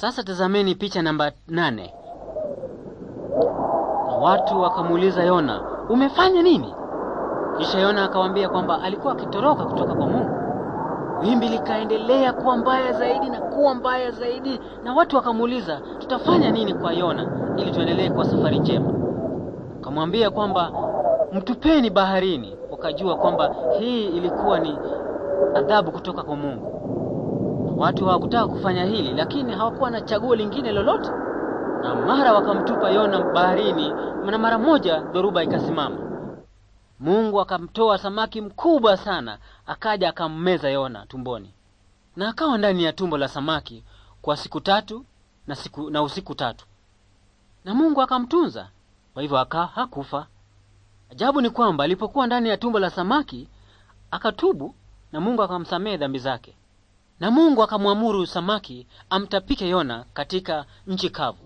Sasa tazameni picha namba nane. Na watu wakamuuliza Yona, umefanya nini? Kisha Yona akawaambia kwamba alikuwa akitoroka kutoka kwa Mungu. Wimbi likaendelea kuwa mbaya zaidi na kuwa mbaya zaidi, na watu wakamuuliza, tutafanya nini kwa Yona ili tuendelee kwa safari njema? Akamwambia kwamba mtupeni baharini. Wakajua kwamba hii ilikuwa ni adhabu kutoka kwa Mungu. Watu hawakutaka kufanya hili, lakini hawakuwa na chaguo lingine lolote, na mara wakamtupa Yona baharini, na mara moja dhoruba ikasimama. Mungu akamtoa samaki mkubwa sana, akaja akammeza Yona tumboni, na akawa ndani ya tumbo la samaki kwa siku tatu na siku na usiku tatu, na Mungu akamtunza kwa hivyo aka hakufa. Ajabu ni kwamba alipokuwa ndani ya tumbo la samaki akatubu na Mungu akamsamehe dhambi zake na Mungu akamwamuru samaki amtapike Yona katika nchi kavu.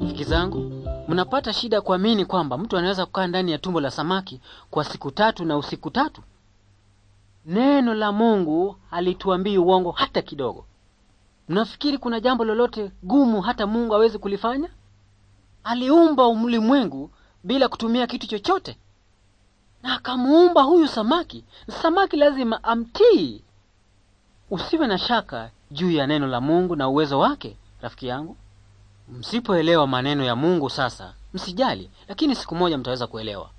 Rafiki zangu, mnapata shida kuamini kwamba mtu anaweza kukaa ndani ya tumbo la samaki kwa siku tatu na usiku tatu? Neno la Mungu halituambii uongo hata kidogo. Mnafikiri kuna jambo lolote gumu hata Mungu awezi kulifanya? Aliumba ulimwengu bila kutumia kitu chochote, na akamuumba huyu samaki. Samaki lazima amtii. Usiwe na shaka juu ya neno la Mungu na uwezo wake, rafiki yangu. Msipoelewa maneno ya Mungu sasa, msijali, lakini siku moja mtaweza kuelewa.